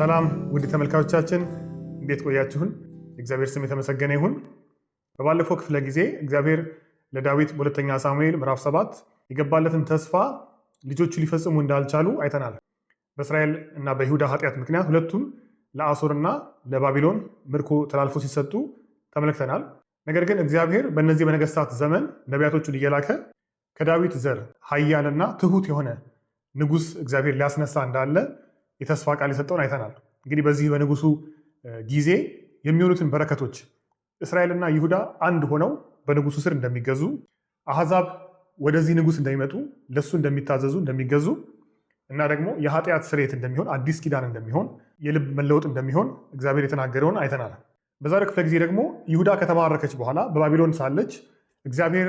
ሰላም ውድ ተመልካቾቻችን እንዴት ቆያችሁን? እግዚአብሔር ስም የተመሰገነ ይሁን። በባለፈው ክፍለ ጊዜ እግዚአብሔር ለዳዊት በሁለተኛ ሳሙኤል ምዕራፍ ሰባት የገባለትን ተስፋ ልጆቹ ሊፈጽሙ እንዳልቻሉ አይተናል። በእስራኤል እና በይሁዳ ኃጢአት ምክንያት ሁለቱም ለአሶር እና ለባቢሎን ምርኮ ተላልፎ ሲሰጡ ተመልክተናል። ነገር ግን እግዚአብሔር በእነዚህ በነገስታት ዘመን ነቢያቶቹን እየላከ ከዳዊት ዘር ኃያልና ትሁት የሆነ ንጉስ እግዚአብሔር ሊያስነሳ እንዳለ የተስፋ ቃል የሰጠውን አይተናል። እንግዲህ በዚህ በንጉሱ ጊዜ የሚሆኑትን በረከቶች እስራኤልና ይሁዳ አንድ ሆነው በንጉሱ ስር እንደሚገዙ፣ አሕዛብ ወደዚህ ንጉስ እንደሚመጡ፣ ለሱ እንደሚታዘዙ፣ እንደሚገዙ እና ደግሞ የኃጢአት ስርየት እንደሚሆን፣ አዲስ ኪዳን እንደሚሆን፣ የልብ መለወጥ እንደሚሆን እግዚአብሔር የተናገረውን አይተናል። በዛሬው ክፍለ ጊዜ ደግሞ ይሁዳ ከተማረከች በኋላ በባቢሎን ሳለች እግዚአብሔር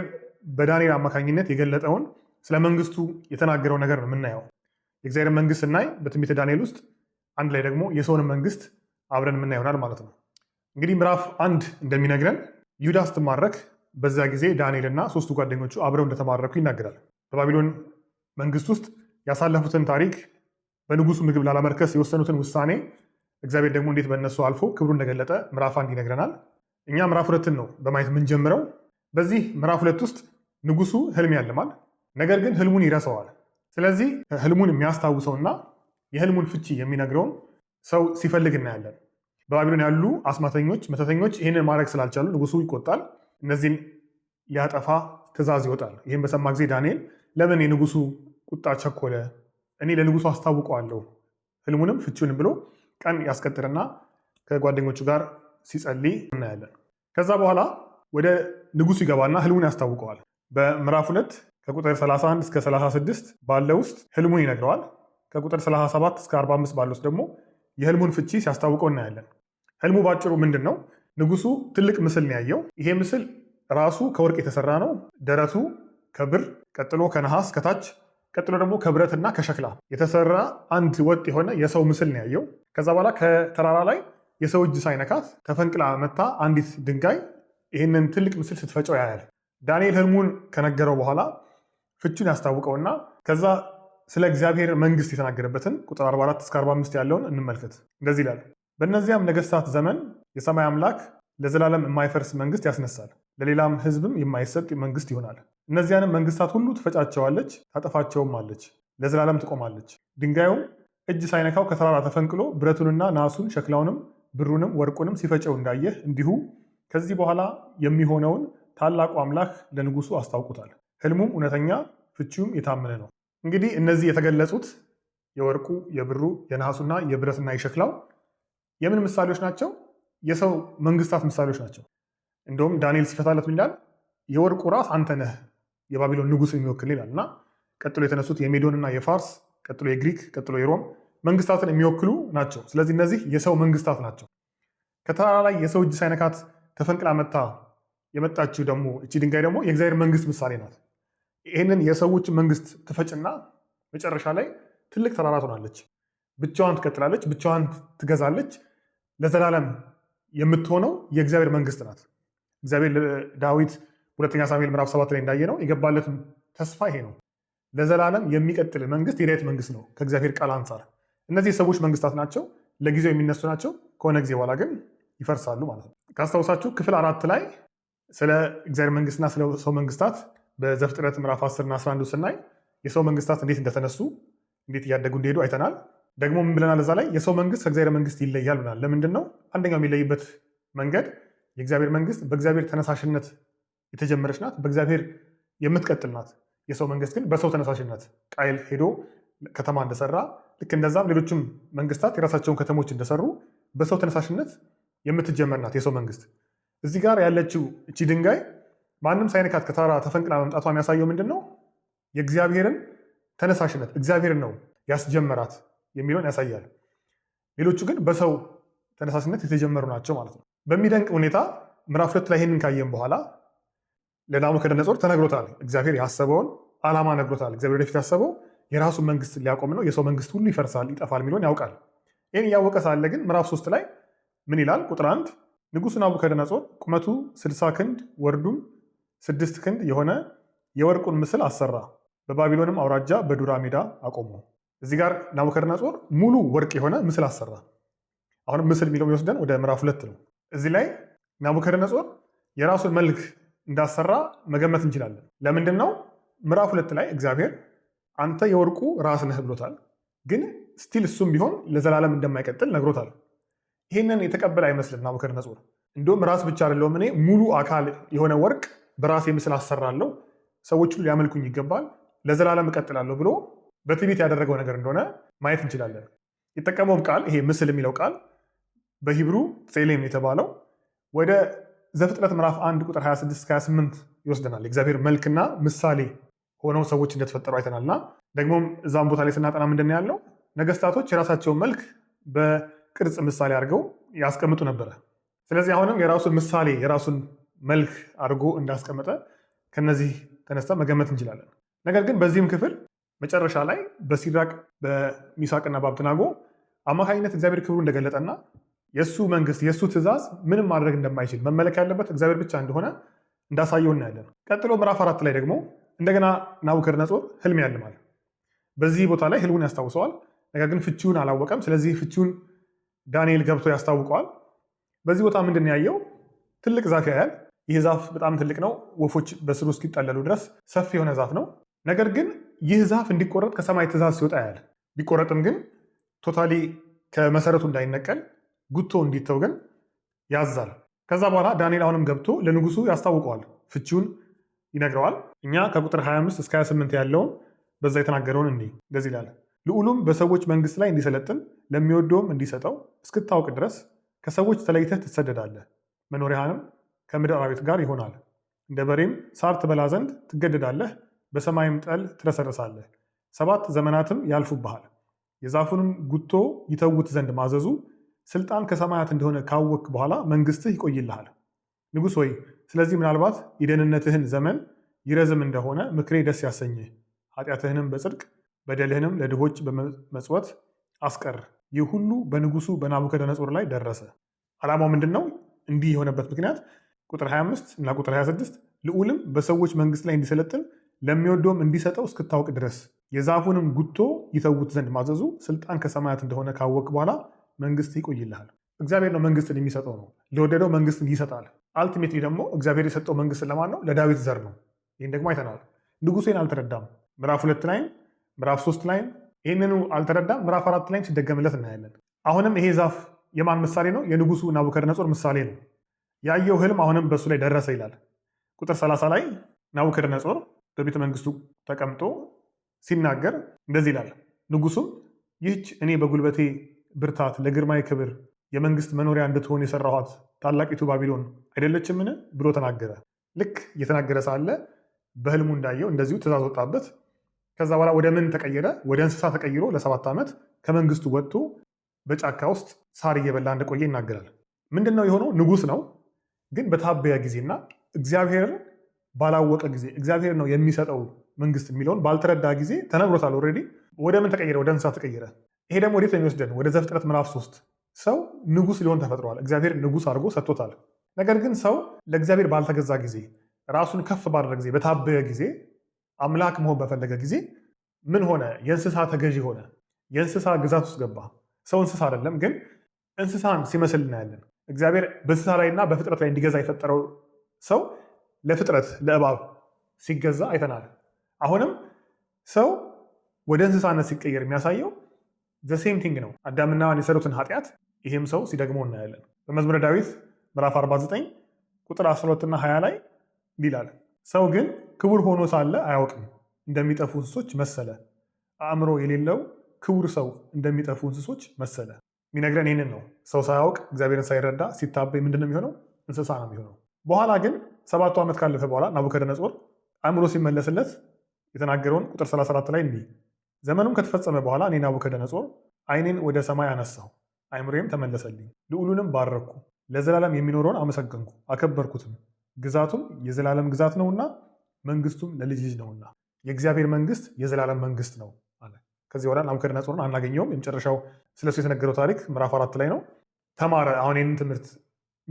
በዳንኤል አማካኝነት የገለጠውን ስለ መንግስቱ የተናገረው ነገር ነው የምናየው። የእግዚአብሔር መንግስት ስናይ በትንቢተ ዳንኤል ውስጥ አንድ ላይ ደግሞ የሰውን መንግስት አብረን የምና ይሆናል ማለት ነው። እንግዲህ ምዕራፍ አንድ እንደሚነግረን ይሁዳ ስትማረክ በዛ ጊዜ እና ሶስቱ ጓደኞቹ አብረው እንደተማረኩ ይናገራል። በባቢሎን መንግስት ውስጥ ያሳለፉትን ታሪክ፣ በንጉሱ ምግብ ላለመርከስ የወሰኑትን ውሳኔ እግዚአብሔር ደግሞ እንዴት በእነሱ አልፎ ክብሩ እንደገለጠ ምዕራፍ አንድ ይነግረናል። እኛ ምዕራፍ ሁለትን ነው በማየት የምንጀምረው። በዚህ ምዕራፍ ሁለት ውስጥ ንጉሱ ህልም ያልማል፣ ነገር ግን ህልሙን ይረሰዋል። ስለዚህ ህልሙን የሚያስታውሰውና የህልሙን ፍቺ የሚነግረውን ሰው ሲፈልግ እናያለን። በባቢሎን ያሉ አስማተኞች፣ መተተኞች ይህንን ማድረግ ስላልቻሉ ንጉሱ ይቆጣል። እነዚህን ሊያጠፋ ትእዛዝ ይወጣል። ይህም በሰማ ጊዜ ዳንኤል ለምን የንጉሱ ቁጣ ቸኮለ? እኔ ለንጉሱ አስታውቀዋለሁ ህልሙንም ፍቺውንም ብሎ ቀን ያስቀጥርና ከጓደኞቹ ጋር ሲጸልይ እናያለን። ከዛ በኋላ ወደ ንጉሱ ይገባና ህልሙን ያስታውቀዋል። በምዕራፍ ሁለት ከቁጥር 31 እስከ 36 ባለ ውስጥ ህልሙን ይነግረዋል። ከቁጥር 37 እስከ 45 ባለ ውስጥ ደግሞ የህልሙን ፍቺ ሲያስታውቀው እናያለን። ህልሙ ባጭሩ ምንድን ነው? ንጉሱ ትልቅ ምስል ነው ያየው። ይሄ ምስል ራሱ ከወርቅ የተሰራ ነው። ደረቱ ከብር ቀጥሎ ከነሐስ ከታች ቀጥሎ ደግሞ ከብረትና ከሸክላ የተሰራ አንድ ወጥ የሆነ የሰው ምስል ነው ያየው። ከዛ በኋላ ከተራራ ላይ የሰው እጅ ሳይነካት ተፈንቅላ መታ አንዲት ድንጋይ ይህንን ትልቅ ምስል ስትፈጨው ያያል። ዳንኤል ህልሙን ከነገረው በኋላ ፍቹን ያስታውቀውና ከዛ ስለ እግዚአብሔር መንግስት የተናገረበትን ቁጥር 44 እስከ 45 ያለውን እንመልከት። እንደዚህ ይላል፣ በእነዚያም ነገስታት ዘመን የሰማይ አምላክ ለዘላለም የማይፈርስ መንግስት ያስነሳል፣ ለሌላም ህዝብም የማይሰጥ መንግስት ይሆናል። እነዚያንም መንግስታት ሁሉ ትፈጫቸዋለች፣ ታጠፋቸውም አለች፣ ለዘላለም ትቆማለች። ድንጋዩም እጅ ሳይነካው ከተራራ ተፈንቅሎ ብረቱንና ናሱን ሸክላውንም ብሩንም ወርቁንም ሲፈጨው እንዳየህ እንዲሁ ከዚህ በኋላ የሚሆነውን ታላቁ አምላክ ለንጉሱ አስታውቁታል። ህልሙም እውነተኛ ፍቺውም የታመነ ነው። እንግዲህ እነዚህ የተገለጹት የወርቁ፣ የብሩ፣ የነሐሱና የብረትና የሸክላው የምን ምሳሌዎች ናቸው? የሰው መንግስታት ምሳሌዎች ናቸው። እንደውም ዳንኤል ሲፈታለት ምን ይላል? የወርቁ ራስ አንተ ነህ የባቢሎን ንጉስ የሚወክል ይላል እና ቀጥሎ የተነሱት የሜዶንና የፋርስ ቀጥሎ የግሪክ ቀጥሎ የሮም መንግስታትን የሚወክሉ ናቸው። ስለዚህ እነዚህ የሰው መንግስታት ናቸው። ከተራራ ላይ የሰው እጅ ሳይነካት ተፈንቅላ መታ የመጣችው ደግሞ እቺ ድንጋይ ደግሞ የእግዚአብሔር መንግስት ምሳሌ ናት። ይህንን የሰዎች መንግስት ትፈጭና መጨረሻ ላይ ትልቅ ተራራ ትሆናለች። ብቻዋን ትቀጥላለች፣ ብቻዋን ትገዛለች። ለዘላለም የምትሆነው የእግዚአብሔር መንግስት ናት። እግዚአብሔር ዳዊት ሁለተኛ ሳሙኤል ምዕራፍ ሰባት ላይ እንዳየ ነው የገባለትም ተስፋ ይሄ ነው። ለዘላለም የሚቀጥል መንግስት የዳዊት መንግስት ነው። ከእግዚአብሔር ቃል አንጻር እነዚህ የሰዎች መንግስታት ናቸው፣ ለጊዜው የሚነሱ ናቸው። ከሆነ ጊዜ በኋላ ግን ይፈርሳሉ ማለት ነው። ካስታውሳችሁ ክፍል አራት ላይ ስለ እግዚአብሔር መንግስትና ስለ ሰው መንግስታት በዘፍጥረት ምዕራፍ 10 እና 11 ስናይ የሰው መንግስታት እንዴት እንደተነሱ እንዴት እያደጉ እንደሄዱ አይተናል። ደግሞ ምን ብለናል? እዛ ላይ የሰው መንግስት ከእግዚአብሔር መንግስት ይለያል ብለናል። ለምንድን ነው? አንደኛው የሚለይበት መንገድ የእግዚአብሔር መንግስት በእግዚአብሔር ተነሳሽነት የተጀመረች ናት፣ በእግዚአብሔር የምትቀጥል ናት። የሰው መንግስት ግን በሰው ተነሳሽነት ቃይል ሄዶ ከተማ እንደሰራ ልክ እንደዛም ሌሎችም መንግስታት የራሳቸውን ከተሞች እንደሰሩ በሰው ተነሳሽነት የምትጀመር ናት የሰው መንግስት። እዚህ ጋር ያለችው እቺ ድንጋይ ማንም ሳይነካት ከተራ ተፈንቅላ መምጣቷ የሚያሳየው ምንድን ነው? የእግዚአብሔርን ተነሳሽነት እግዚአብሔር ነው ያስጀመራት የሚለውን ያሳያል። ሌሎቹ ግን በሰው ተነሳሽነት የተጀመሩ ናቸው ማለት ነው። በሚደንቅ ሁኔታ ምዕራፍ ሁለት ላይ ይህንን ካየን በኋላ ለናቡከደነጾር ተነግሮታል። እግዚአብሔር ያሰበውን ዓላማ ነግሮታል። እግዚአብሔር ወደፊት ያሰበው የራሱን መንግስት ሊያቆም ነው፣ የሰው መንግስት ሁሉ ይፈርሳል፣ ይጠፋል የሚለውን ያውቃል። ይህን እያወቀ ሳለ ግን ምዕራፍ ሶስት ላይ ምን ይላል? ቁጥር አንድ ንጉሱ ናቡከደነጾር ቁመቱ ስልሳ ክንድ ወርዱም ስድስት ክንድ የሆነ የወርቁን ምስል አሰራ፣ በባቢሎንም አውራጃ በዱራ ሜዳ አቆሙ። እዚህ ጋር ናቡከደነጾር ሙሉ ወርቅ የሆነ ምስል አሰራ። አሁንም ምስል የሚለው የሚወስደን ወደ ምዕራፍ ሁለት ነው። እዚህ ላይ ናቡከደነጾር የራሱን መልክ እንዳሰራ መገመት እንችላለን። ለምንድን ነው? ምዕራፍ ሁለት ላይ እግዚአብሔር አንተ የወርቁ ራስ ነህ ብሎታል። ግን ስቲል እሱም ቢሆን ለዘላለም እንደማይቀጥል ነግሮታል። ይህንን የተቀበለ አይመስልም ናቡከደነጾር። እንዲሁም ራስ ብቻ አይደለውም እኔ ሙሉ አካል የሆነ ወርቅ በራሴ ምስል አሰራለሁ፣ ሰዎቹ ሊያመልኩኝ ይገባል፣ ለዘላለም እቀጥላለሁ ብሎ በትዕቢት ያደረገው ነገር እንደሆነ ማየት እንችላለን። የጠቀመውም ቃል ይሄ ምስል የሚለው ቃል በሂብሩ ጼሌም የተባለው ወደ ዘፍጥረት ምዕራፍ 1 ቁጥር 26-28 ይወስደናል። እግዚአብሔር መልክና ምሳሌ ሆነው ሰዎች እንደተፈጠሩ አይተናልና ደግሞም እዛም ቦታ ላይ ስናጠና ምንድን ያለው ነገስታቶች የራሳቸውን መልክ በቅርጽ ምሳሌ አድርገው ያስቀምጡ ነበረ። ስለዚህ አሁንም የራሱን ምሳሌ የራሱን መልክ አድርጎ እንዳስቀመጠ ከነዚህ ተነስታ መገመት እንችላለን። ነገር ግን በዚህም ክፍል መጨረሻ ላይ በሲድራቅ በሚሳቅና በአብትናጎ አማካኝነት እግዚአብሔር ክብሩ እንደገለጠና የእሱ መንግስት የእሱ ትእዛዝ ምንም ማድረግ እንደማይችል መመለክ ያለበት እግዚአብሔር ብቻ እንደሆነ እንዳሳየው እናያለን። ቀጥሎ ምዕራፍ አራት ላይ ደግሞ እንደገና ናቡከደነጾር ህልም ያልማል። በዚህ ቦታ ላይ ህልሙን ያስታውሰዋል። ነገር ግን ፍቺውን አላወቀም። ስለዚህ ፍቺውን ዳንኤል ገብቶ ያስታውቀዋል። በዚህ ቦታ ምንድን ያየው? ትልቅ ዛፍ ያያል። ይህ ዛፍ በጣም ትልቅ ነው። ወፎች በስሩ እስኪጠለሉ ድረስ ሰፊ የሆነ ዛፍ ነው። ነገር ግን ይህ ዛፍ እንዲቆረጥ ከሰማይ ትእዛዝ ሲወጣ ያለ ቢቆረጥም ግን ቶታሊ ከመሰረቱ እንዳይነቀል ጉቶ እንዲተው ግን ያዛል። ከዛ በኋላ ዳንኤል አሁንም ገብቶ ለንጉሱ ያስታውቀዋል፣ ፍቺውን ይነግረዋል። እኛ ከቁጥር 25 እስከ 28 ያለውን በዛ የተናገረውን እንዲህ እንደዚህ ይላል። ልዑሉም በሰዎች መንግስት ላይ እንዲሰለጥን ለሚወደውም እንዲሰጠው እስክታውቅ ድረስ ከሰዎች ተለይተህ ትሰደዳለህ መኖሪያህንም ከምድር አራዊት ጋር ይሆናል። እንደ በሬም ሳር ትበላ ዘንድ ትገደዳለህ፣ በሰማይም ጠል ትረሰርሳለህ። ሰባት ዘመናትም ያልፉብሃል። የዛፉንም ጉቶ ይተውት ዘንድ ማዘዙ ስልጣን ከሰማያት እንደሆነ ካወክ በኋላ መንግስትህ ይቆይልሃል። ንጉሥ ሆይ ስለዚህ ምናልባት የደህንነትህን ዘመን ይረዝም እንደሆነ ምክሬ ደስ ያሰኝህ፣ ኃጢአትህንም በጽድቅ በደልህንም ለድሆች በመጽወት አስቀር። ይህ ሁሉ በንጉሱ በናቡከደነጾር ላይ ደረሰ። ዓላማው ምንድን ነው? እንዲህ የሆነበት ምክንያት ቁጥር 25 እና ቁጥር 26 ልዑልም በሰዎች መንግስት ላይ እንዲሰለጥን ለሚወደውም እንዲሰጠው እስክታውቅ ድረስ የዛፉንም ጉቶ ይተዉት ዘንድ ማዘዙ ስልጣን ከሰማያት እንደሆነ ካወቅ በኋላ መንግስት ይቆይልሃል። እግዚአብሔር ነው መንግስትን የሚሰጠው ነው። ለወደደው መንግስትን ይሰጣል። አልቲሜትሊ ደግሞ እግዚአብሔር የሰጠው መንግስት ለማን ነው? ለዳዊት ዘር ነው። ይህን ደግሞ አይተናል። ንጉሴን አልተረዳም ምዕራፍ ሁለት ላይም ምዕራፍ ሶስት ላይም ይህንኑ አልተረዳም ምዕራፍ አራት ላይም ሲደገምለት እናያለን። አሁንም ይሄ ዛፍ የማን ምሳሌ ነው? የንጉሱ ናቡከደነጾር ምሳሌ ነው። ያየው ህልም አሁንም በእሱ ላይ ደረሰ ይላል። ቁጥር 30 ላይ ናቡከደነጾር በቤተ መንግስቱ ተቀምጦ ሲናገር እንደዚህ ይላል። ንጉሱም ይህች እኔ በጉልበቴ ብርታት ለግርማዊ ክብር የመንግስት መኖሪያ እንድትሆን የሰራኋት ታላቂቱ ባቢሎን አይደለችምን ብሎ ተናገረ። ልክ እየተናገረ ሳለ በህልሙ እንዳየው እንደዚሁ ትእዛዝ ወጣበት። ከዛ በኋላ ወደ ምን ተቀየረ? ወደ እንስሳ ተቀይሮ ለሰባት ዓመት ከመንግስቱ ወጥቶ በጫካ ውስጥ ሳር እየበላ እንደቆየ ይናገራል። ምንድን ነው የሆነው? ንጉስ ነው ግን በታበየ ጊዜና እግዚአብሔርን ባላወቀ ጊዜ እግዚአብሔር ነው የሚሰጠው መንግስት የሚለውን ባልተረዳ ጊዜ ተነግሮታል። ኦልሬዲ ወደ ምን ተቀየረ? ወደ እንስሳ ተቀየረ። ይሄ ደግሞ ወዴት ነው የሚወስደን? ወደ ዘፍጥረት ምዕራፍ ሶስት ሰው ንጉስ ሊሆን ተፈጥሯል። እግዚአብሔር ንጉስ አድርጎ ሰጥቶታል። ነገር ግን ሰው ለእግዚአብሔር ባልተገዛ ጊዜ፣ ራሱን ከፍ ባደረገ ጊዜ፣ በታበየ ጊዜ፣ አምላክ መሆን በፈለገ ጊዜ ምን ሆነ? የእንስሳ ተገዢ ሆነ። የእንስሳ ግዛት ውስጥ ገባ። ሰው እንስሳ አይደለም፣ ግን እንስሳን ሲመስል እናያለን። እግዚአብሔር በእንስሳ ላይና በፍጥረት ላይ እንዲገዛ የፈጠረው ሰው ለፍጥረት ለእባብ ሲገዛ አይተናል። አሁንም ሰው ወደ እንስሳነት ሲቀየር የሚያሳየው ዘሴም ቲንግ ነው፣ አዳምና ሔዋን የሰሩትን ኃጢአት ይህም ሰው ሲደግሞ እናያለን። በመዝሙረ ዳዊት ምዕራፍ 49 ቁጥር 12 እና 20 ላይ ይላል፣ ሰው ግን ክቡር ሆኖ ሳለ አያውቅም እንደሚጠፉ እንስሶች መሰለ፣ አእምሮ የሌለው ክቡር ሰው እንደሚጠፉ እንስሶች መሰለ። የሚነግረን ይህንን ነው። ሰው ሳያውቅ እግዚአብሔርን ሳይረዳ ሲታበይ ምንድን ነው የሚሆነው? እንስሳ ነው የሚሆነው። በኋላ ግን ሰባቱ ዓመት ካለፈ በኋላ ናቡከደነጾር አእምሮ ሲመለስለት የተናገረውን ቁጥር 34 ላይ እንዲህ ዘመኑም ከተፈጸመ በኋላ እኔ ናቡከደነጾር አይኔን ወደ ሰማይ አነሳሁ፣ አእምሮዬም ተመለሰልኝ፣ ልዑሉንም ባረኩ፣ ለዘላለም የሚኖረውን አመሰገንኩ፣ አከበርኩትም። ግዛቱም የዘላለም ግዛት ነውና መንግስቱም ለልጅ ልጅ ነውና የእግዚአብሔር መንግስት የዘላለም መንግስት ነው። ከዚህ በኋላ ናቡከደነ ጾርን አናገኘውም። የመጨረሻው ስለሱ የተነገረው ታሪክ ምዕራፍ አራት ላይ ነው። ተማረ አሁን ይህንን ትምህርት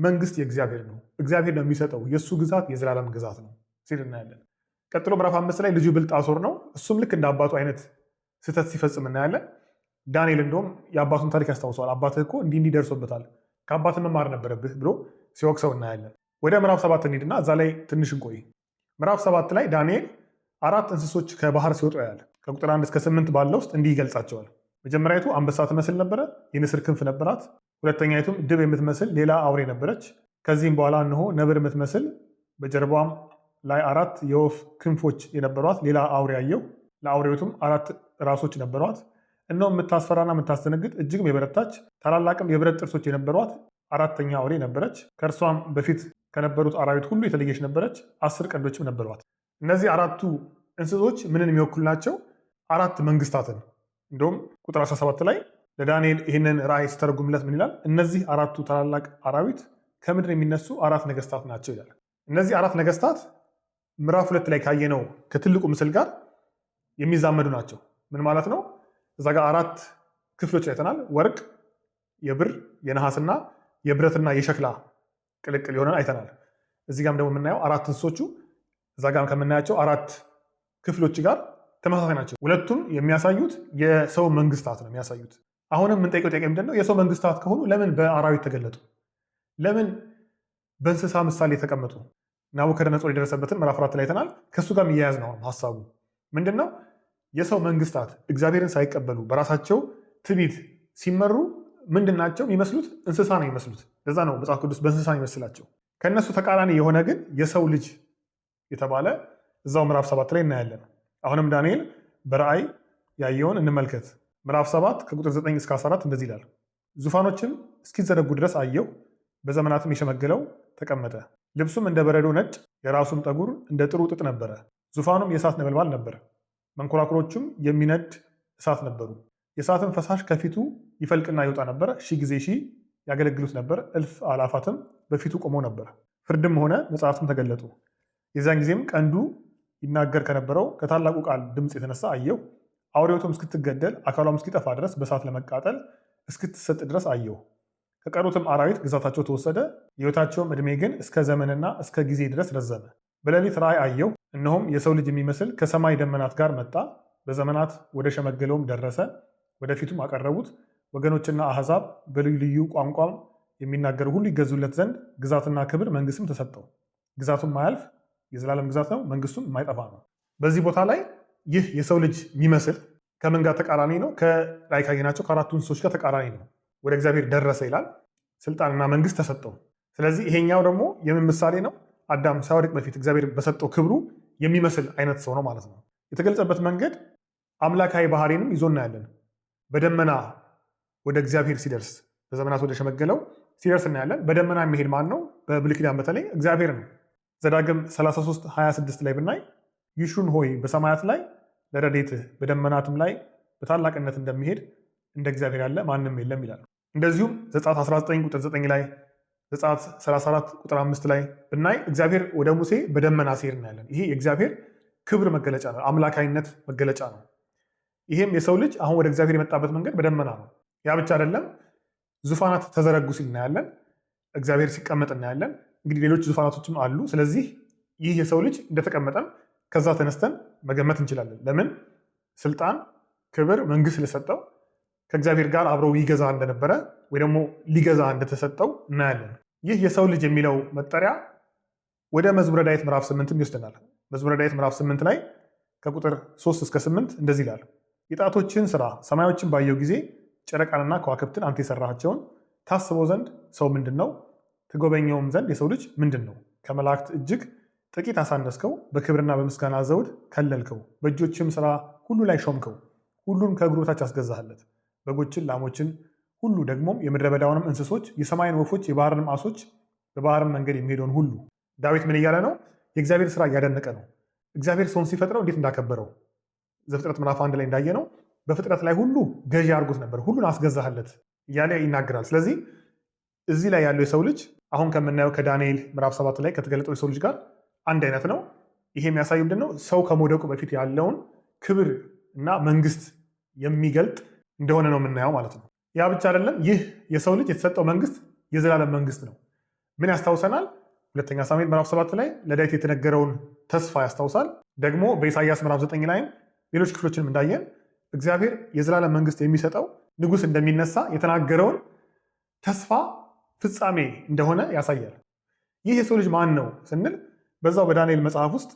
መንግስት የእግዚአብሔር ነው፣ እግዚአብሔር ነው የሚሰጠው፣ የእሱ ግዛት የዘላለም ግዛት ነው ሲል እናያለን። ቀጥሎ ምዕራፍ አምስት ላይ ልጁ ብልጣሶር ነው። እሱም ልክ እንደ አባቱ አይነት ስህተት ሲፈጽም እናያለን። ዳንኤል እንደውም የአባቱን ታሪክ ያስታውሰዋል። አባትህ እኮ እንዲህ እንዲህ ደርሶበታል፣ ከአባትህ መማር ነበረብህ ብሎ ሲወቅሰው እናያለን። ወደ ምዕራፍ ሰባት እንሂድና እዛ ላይ ትንሽ እንቆይ። ምዕራፍ ሰባት ላይ ዳንኤል አራት እንስሶች ከባህር ሲወጡ ያለ ከቁጥር አንድ እስከ ስምንት ባለው ውስጥ እንዲህ ይገልጻቸዋል። መጀመሪያይቱ አንበሳ ትመስል ነበረ፣ የንስር ክንፍ ነበራት። ሁለተኛይቱም ድብ የምትመስል ሌላ አውሬ ነበረች። ከዚህም በኋላ እንሆ ነብር የምትመስል በጀርባም ላይ አራት የወፍ ክንፎች የነበሯት ሌላ አውሬ አየሁ። ለአውሬቱም አራት ራሶች ነበሯት። እነሆም የምታስፈራና የምታስደነግጥ እጅግም የበረታች ታላላቅም የብረት ጥርሶች የነበሯት አራተኛ አውሬ ነበረች። ከእርሷም በፊት ከነበሩት አራዊት ሁሉ የተለየች ነበረች። አስር ቀንዶችም ነበሯት። እነዚህ አራቱ እንስሶች ምንን የሚወክሉ ናቸው? አራት መንግስታትን እንዲሁም ቁጥር 17 ላይ ለዳንኤል ይህንን ራእይ ሲተረጉምለት ምን ይላል? እነዚህ አራቱ ታላላቅ አራዊት ከምድር የሚነሱ አራት ነገስታት ናቸው ይላል። እነዚህ አራት ነገስታት ምዕራፍ ሁለት ላይ ካየነው ከትልቁ ምስል ጋር የሚዛመዱ ናቸው። ምን ማለት ነው? እዛ ጋር አራት ክፍሎች አይተናል። ወርቅ፣ የብር፣ የነሐስና የብረትና የሸክላ ቅልቅል የሆነን አይተናል። እዚህ ጋም ደግሞ የምናየው አራት እንስሶቹ እዛ ጋም ከምናያቸው አራት ክፍሎች ጋር ተመሳሳይ ናቸው። ሁለቱም የሚያሳዩት የሰው መንግስታት ነው የሚያሳዩት። አሁንም የምንጠይቀው ጥያቄ ምንድን ነው? የሰው መንግስታት ከሆኑ ለምን በአራዊት ተገለጡ? ለምን በእንስሳ ምሳሌ የተቀመጡ? ናቡከደነጾር የደረሰበትን ምዕራፍ አራት ላይ አይተናል። ከእሱ ጋር የሚያያዝ ነው ሀሳቡ ምንድነው? የሰው መንግስታት እግዚአብሔርን ሳይቀበሉ በራሳቸው ትቢት ሲመሩ ምንድን ናቸው የሚመስሉት? እንስሳ ነው የሚመስሉት። ለዛ ነው መጽሐፍ ቅዱስ በእንስሳ ይመስላቸው። ከእነሱ ተቃራኒ የሆነ ግን የሰው ልጅ የተባለ እዛው ምዕራፍ ሰባት ላይ እናያለን። አሁንም ዳንኤል በራእይ ያየውን እንመልከት። ምዕራፍ 7 ከቁጥር 9 እስከ 14 እንደዚህ ይላል። ዙፋኖችም እስኪዘረጉ ድረስ አየሁ። በዘመናትም የሸመገለው ተቀመጠ። ልብሱም እንደ በረዶ ነጭ፣ የራሱም ጠጉር እንደ ጥሩ ጥጥ ነበረ። ዙፋኑም የእሳት ነበልባል ነበር። መንኮራኩሮቹም የሚነድ እሳት ነበሩ። የእሳትም ፈሳሽ ከፊቱ ይፈልቅና ይወጣ ነበር። ሺ ጊዜ ሺ ያገለግሉት ነበር፣ እልፍ አላፋትም በፊቱ ቆመው ነበር። ፍርድም ሆነ መጽሐፍትም ተገለጡ። የዚያን ጊዜም ቀንዱ ይናገር ከነበረው ከታላቁ ቃል ድምፅ የተነሳ አየሁ። አውሬቱም እስክትገደል አካሏም እስኪጠፋ ድረስ በእሳት ለመቃጠል እስክትሰጥ ድረስ አየሁ። ከቀሩትም አራዊት ግዛታቸው ተወሰደ፣ የሕይወታቸውም ዕድሜ ግን እስከ ዘመንና እስከ ጊዜ ድረስ ረዘመ። በሌሊት ራእይ አየሁ፣ እነሆም የሰው ልጅ የሚመስል ከሰማይ ደመናት ጋር መጣ፣ በዘመናት ወደ ሸመገለውም ደረሰ፣ ወደፊቱም አቀረቡት። ወገኖችና አሕዛብ በልዩ ልዩ ቋንቋም የሚናገሩ ሁሉ ይገዙለት ዘንድ ግዛትና ክብር መንግስትም ተሰጠው። ግዛቱም ማያልፍ የዘላለም ግዛት ነው፣ መንግስቱም የማይጠፋ ነው። በዚህ ቦታ ላይ ይህ የሰው ልጅ የሚመስል ከምን ጋር ተቃራኒ ነው? ከላይ ካየናቸው ከአራቱ እንስሶች ጋር ተቃራኒ ነው። ወደ እግዚአብሔር ደረሰ ይላል። ስልጣንና መንግስት ተሰጠው። ስለዚህ ይሄኛው ደግሞ የምን ምሳሌ ነው? አዳም ሳይወድቅ በፊት እግዚአብሔር በሰጠው ክብሩ የሚመስል አይነት ሰው ነው ማለት ነው። የተገለጸበት መንገድ አምላካዊ ባህሪንም ይዞ እናያለን። በደመና ወደ እግዚአብሔር ሲደርስ በዘመናት ወደ ሸመገለው ሲደርስ እናያለን። በደመና የሚሄድ ማን ነው? በብሉይ ኪዳን በተለይ እግዚአብሔር ነው። ዘዳግም 33 26 ላይ ብናይ ይሹን ሆይ በሰማያት ላይ ለረዴትህ በደመናትም ላይ በታላቅነት እንደሚሄድ እንደ እግዚአብሔር ያለ ማንም የለም ይላል። እንደዚሁም ዘጸአት 19 ቁጥር 9 ላይ ዘጸአት 34 ቁጥር 5 ላይ ብናይ እግዚአብሔር ወደ ሙሴ በደመና ሲሄድ እናያለን። ይሄ የእግዚአብሔር ክብር መገለጫ ነው፣ አምላካዊነት መገለጫ ነው። ይሄም የሰው ልጅ አሁን ወደ እግዚአብሔር የመጣበት መንገድ በደመና ነው። ያ ብቻ አይደለም፣ ዙፋናት ተዘረጉ ሲል እናያለን፣ እግዚአብሔር ሲቀመጥ እናያለን። እንግዲህ ሌሎች ዙፋናቶችም አሉ። ስለዚህ ይህ የሰው ልጅ እንደተቀመጠም ከዛ ተነስተን መገመት እንችላለን። ለምን ስልጣን፣ ክብር፣ መንግስት ስለሰጠው ከእግዚአብሔር ጋር አብረው ይገዛ እንደነበረ ወይ ደግሞ ሊገዛ እንደተሰጠው እናያለን። ይህ የሰው ልጅ የሚለው መጠሪያ ወደ መዝሙረ ዳዊት ምዕራፍ ስምንትም ይወስደናል። መዝሙረ ዳዊት ምዕራፍ ስምንት ላይ ከቁጥር ሶስት እስከ ስምንት እንደዚህ ይላል። የጣቶችን ስራ ሰማዮችን ባየው ጊዜ ጨረቃንና ከዋክብትን አንተ የሰራቸውን ታስበው ዘንድ ሰው ምንድን ነው ትጎበኘውም ዘንድ የሰው ልጅ ምንድን ነው? ከመላእክት እጅግ ጥቂት አሳነስከው፣ በክብርና በምስጋና ዘውድ ከለልከው፣ በእጆችም ስራ ሁሉ ላይ ሾምከው። ሁሉን ከእግሩ በታች አስገዛህለት፣ በጎችን፣ ላሞችን ሁሉ ደግሞም የምድረ በዳውንም እንስሶች፣ የሰማይን ወፎች፣ የባህርንም አሶች በባህርም መንገድ የሚሄደውን ሁሉ። ዳዊት ምን እያለ ነው? የእግዚአብሔር ስራ እያደነቀ ነው። እግዚአብሔር ሰውን ሲፈጥረው እንዴት እንዳከበረው ዘፍጥረት ምዕራፍ አንድ ላይ እንዳየ ነው። በፍጥረት ላይ ሁሉ ገዢ አድርጎት ነበር፣ ሁሉን አስገዛህለት እያለ ይናገራል። ስለዚህ እዚህ ላይ ያለው የሰው ልጅ አሁን ከምናየው ከዳንኤል ምዕራፍ ሰባት ላይ ከተገለጠው የሰው ልጅ ጋር አንድ አይነት ነው። ይሄ የሚያሳይ ምንድን ሰው ከመውደቁ በፊት ያለውን ክብር እና መንግስት የሚገልጥ እንደሆነ ነው የምናየው ማለት ነው። ያ ብቻ አይደለም። ይህ የሰው ልጅ የተሰጠው መንግስት የዘላለም መንግስት ነው። ምን ያስታውሰናል? ሁለተኛ ሳሙኤል ምዕራፍ ሰባት ላይ ለዳዊት የተነገረውን ተስፋ ያስታውሳል። ደግሞ በኢሳያስ ምዕራፍ ዘጠኝ ላይም ሌሎች ክፍሎችንም እንዳየን እግዚአብሔር የዘላለም መንግስት የሚሰጠው ንጉስ እንደሚነሳ የተናገረውን ተስፋ ፍጻሜ እንደሆነ ያሳያል። ይህ የሰው ልጅ ማን ነው ስንል በዛው በዳንኤል መጽሐፍ ውስጥ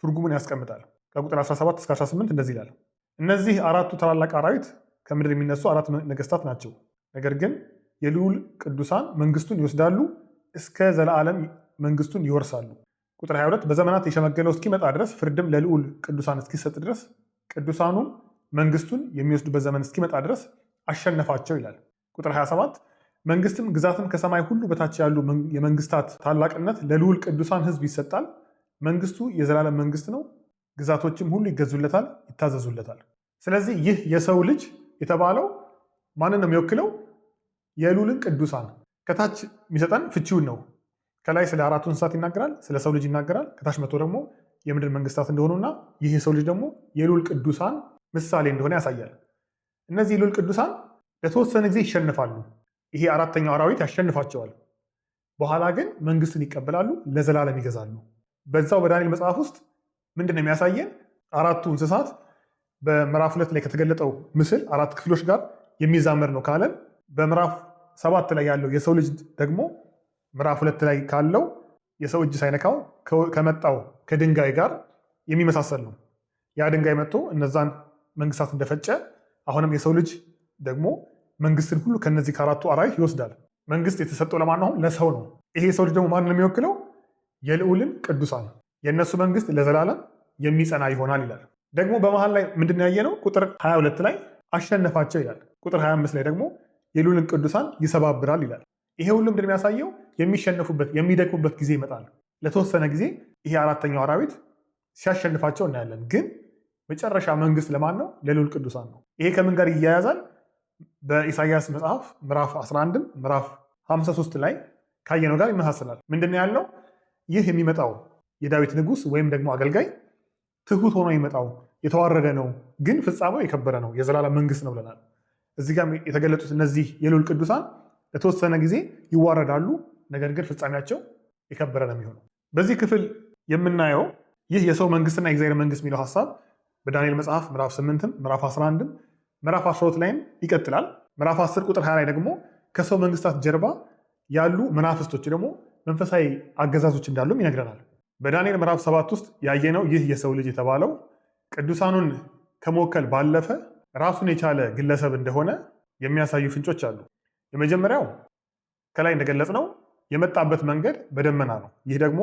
ትርጉሙን ያስቀምጣል። ከቁጥር 17 እስከ 18 እንደዚህ ይላል። እነዚህ አራቱ ታላላቅ አራዊት ከምድር የሚነሱ አራት ነገስታት ናቸው። ነገር ግን የልዑል ቅዱሳን መንግስቱን ይወስዳሉ፣ እስከ ዘለዓለም መንግስቱን ይወርሳሉ። ቁጥር 22 በዘመናት የሸመገለው እስኪመጣ ድረስ ፍርድም ለልዑል ቅዱሳን እስኪሰጥ ድረስ ቅዱሳኑም መንግስቱን የሚወስዱበት ዘመን እስኪመጣ ድረስ አሸነፋቸው ይላል። ቁጥር 27 መንግስትም ግዛትም ከሰማይ ሁሉ በታች ያሉ የመንግስታት ታላቅነት ለልዑል ቅዱሳን ህዝብ ይሰጣል። መንግስቱ የዘላለም መንግስት ነው፣ ግዛቶችም ሁሉ ይገዙለታል፣ ይታዘዙለታል። ስለዚህ ይህ የሰው ልጅ የተባለው ማንን ነው የሚወክለው? የልዑልን ቅዱሳን። ከታች የሚሰጠን ፍቺውን ነው። ከላይ ስለ አራቱ እንስሳት ይናገራል፣ ስለ ሰው ልጅ ይናገራል። ከታች መቶ ደግሞ የምድር መንግስታት እንደሆኑና ይህ የሰው ልጅ ደግሞ የልዑል ቅዱሳን ምሳሌ እንደሆነ ያሳያል። እነዚህ የልዑል ቅዱሳን ለተወሰነ ጊዜ ይሸንፋሉ። ይሄ አራተኛው አራዊት ያሸንፋቸዋል። በኋላ ግን መንግስትን ይቀበላሉ፣ ለዘላለም ይገዛሉ። በዛው በዳንኤል መጽሐፍ ውስጥ ምንድን ነው የሚያሳየን? አራቱ እንስሳት በምዕራፍ ሁለት ላይ ከተገለጠው ምስል አራት ክፍሎች ጋር የሚዛምር ነው ካለን በምዕራፍ ሰባት ላይ ያለው የሰው ልጅ ደግሞ ምዕራፍ ሁለት ላይ ካለው የሰው እጅ ሳይነካው ከመጣው ከድንጋይ ጋር የሚመሳሰል ነው። ያ ድንጋይ መጥቶ እነዛን መንግስታት እንደፈጨ አሁንም የሰው ልጅ ደግሞ መንግስትን ሁሉ ከነዚህ ከአራቱ አራዊት ይወስዳል። መንግስት የተሰጠው ለማን ነው? ለሰው ነው። ይሄ ሰው ልጅ ደግሞ ማን ነው የሚወክለው? የልዑልን ቅዱሳን። የእነሱ መንግስት ለዘላለም የሚጸና ይሆናል ይላል። ደግሞ በመሀል ላይ ምንድን ነው ቁጥር 22 ላይ አሸነፋቸው ይላል። ቁጥር 25 ላይ ደግሞ የልዑልን ቅዱሳን ይሰባብራል ይላል። ይሄ ሁሉ ምንድን የሚያሳየው የሚሸነፉበት የሚደክሙበት ጊዜ ይመጣል። ለተወሰነ ጊዜ ይሄ አራተኛው አራዊት ሲያሸንፋቸው እናያለን። ግን መጨረሻ መንግስት ለማን ነው? ለልዑል ቅዱሳን ነው። ይሄ ከምን ጋር ይያያዛል? በኢሳያስ መጽሐፍ ምዕራፍ 11 ምዕራፍ 53 ላይ ካየነው ጋር ይመሳሰላል። ምንድን ያለው ይህ የሚመጣው የዳዊት ንጉስ ወይም ደግሞ አገልጋይ ትሑት ሆኖ የሚመጣው የተዋረደ ነው፣ ግን ፍጻሜው የከበረ ነው፣ የዘላለም መንግስት ነው ብለናል። እዚህ ጋር የተገለጡት እነዚህ የልዑል ቅዱሳን ለተወሰነ ጊዜ ይዋረዳሉ፣ ነገር ግን ፍጻሜያቸው የከበረ ነው የሚሆነው። በዚህ ክፍል የምናየው ይህ የሰው መንግስትና የእግዚአብሔር መንግስት የሚለው ሀሳብ በዳንኤል መጽሐፍ ምዕራፍ 8ም ምዕራፍ 11ም ምዕራፍ 12 ላይም ይቀጥላል። ምዕራፍ 10 ቁጥር 20 ላይ ደግሞ ከሰው መንግስታት ጀርባ ያሉ መናፍስቶች ደግሞ መንፈሳዊ አገዛዞች እንዳሉም ይነግረናል። በዳንኤል ምዕራፍ 7 ውስጥ ያየነው ይህ የሰው ልጅ የተባለው ቅዱሳኑን ከመወከል ባለፈ ራሱን የቻለ ግለሰብ እንደሆነ የሚያሳዩ ፍንጮች አሉ። የመጀመሪያው ከላይ እንደገለጽ ነው የመጣበት መንገድ በደመና ነው። ይህ ደግሞ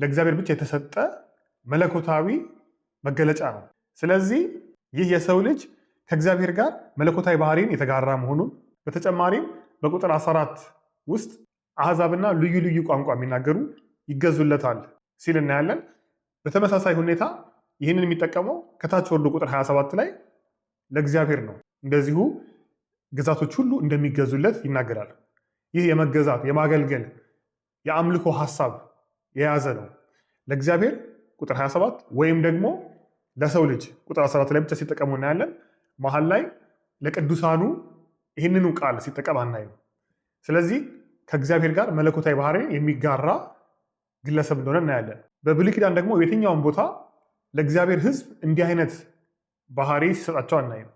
ለእግዚአብሔር ብቻ የተሰጠ መለኮታዊ መገለጫ ነው። ስለዚህ ይህ የሰው ልጅ ከእግዚአብሔር ጋር መለኮታዊ ባህሪን የተጋራ መሆኑን በተጨማሪም በቁጥር 14 ውስጥ አሕዛብና ልዩ ልዩ ቋንቋ የሚናገሩ ይገዙለታል ሲል እናያለን። በተመሳሳይ ሁኔታ ይህንን የሚጠቀመው ከታች ወርዶ ቁጥር 27 ላይ ለእግዚአብሔር ነው። እንደዚሁ ግዛቶች ሁሉ እንደሚገዙለት ይናገራል። ይህ የመገዛት የማገልገል የአምልኮ ሀሳብ የያዘ ነው። ለእግዚአብሔር ቁጥር 27 ወይም ደግሞ ለሰው ልጅ ቁጥር 14 ላይ ብቻ ሲጠቀሙ እናያለን። መሀል ላይ ለቅዱሳኑ ይህንኑ ቃል ሲጠቀም አናየው። ስለዚህ ከእግዚአብሔር ጋር መለኮታዊ ባህሪን የሚጋራ ግለሰብ እንደሆነ እናያለን። በብሉይ ኪዳን ደግሞ የትኛውን ቦታ ለእግዚአብሔር ሕዝብ እንዲህ አይነት ባህሪ ሲሰጣቸው አናይም።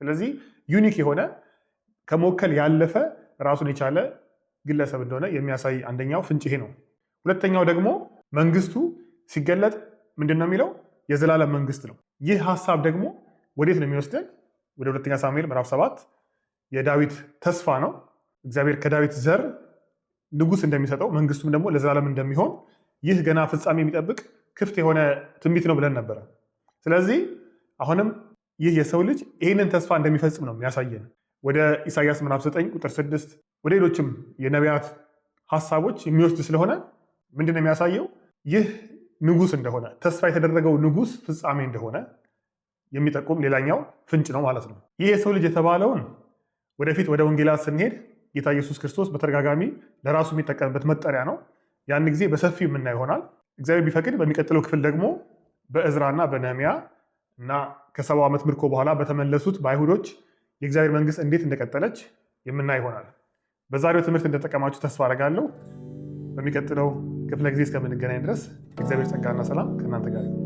ስለዚህ ዩኒክ የሆነ ከመወከል ያለፈ ራሱን የቻለ ግለሰብ እንደሆነ የሚያሳይ አንደኛው ፍንጭ ይሄ ነው። ሁለተኛው ደግሞ መንግስቱ ሲገለጥ ምንድን ነው የሚለው የዘላለም መንግስት ነው። ይህ ሀሳብ ደግሞ ወዴት ነው የሚወስደን? ወደ ሁለተኛ ሳሙኤል ምዕራፍ ሰባት የዳዊት ተስፋ ነው። እግዚአብሔር ከዳዊት ዘር ንጉስ እንደሚሰጠው መንግስቱም ደግሞ ለዘላለም እንደሚሆን ይህ ገና ፍጻሜ የሚጠብቅ ክፍት የሆነ ትንቢት ነው ብለን ነበረ። ስለዚህ አሁንም ይህ የሰው ልጅ ይህንን ተስፋ እንደሚፈጽም ነው የሚያሳየን። ወደ ኢሳያስ ምዕራፍ 9 ቁጥር 6 ወደ ሌሎችም የነቢያት ሀሳቦች የሚወስድ ስለሆነ ምንድን ነው የሚያሳየው? ይህ ንጉስ እንደሆነ ተስፋ የተደረገው ንጉስ ፍጻሜ እንደሆነ የሚጠቁም ሌላኛው ፍንጭ ነው ማለት ነው። ይህ የሰው ልጅ የተባለውን ወደፊት ወደ ወንጌላ ስንሄድ ጌታ ኢየሱስ ክርስቶስ በተደጋጋሚ ለራሱ የሚጠቀምበት መጠሪያ ነው። ያን ጊዜ በሰፊው የምና ይሆናል። እግዚአብሔር ቢፈቅድ በሚቀጥለው ክፍል ደግሞ በእዝራና በነህሚያ እና ከሰባ ዓመት ምርኮ በኋላ በተመለሱት በአይሁዶች የእግዚአብሔር መንግስት እንዴት እንደቀጠለች የምና ይሆናል። በዛሬው ትምህርት እንደጠቀማችሁ ተስፋ አደርጋለሁ። በሚቀጥለው ክፍለ ጊዜ እስከምንገናኝ ድረስ እግዚአብሔር ጸጋና ሰላም ከእናንተ ጋር